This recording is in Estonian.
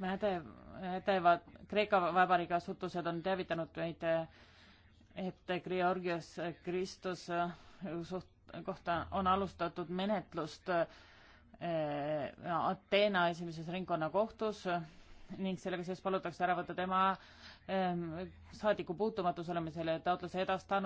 pädev, pädevad Kreeka Vabariigi asutused on teavitanud meid, et Georgios Kristus äh, suht-, kohta on alustatud menetlust äh, Ateena esimeses ringkonnakohtus ning sellega seoses palutakse ära võtta tema ähm, saadiku puutumatus, oleme selle taotluse edastanud.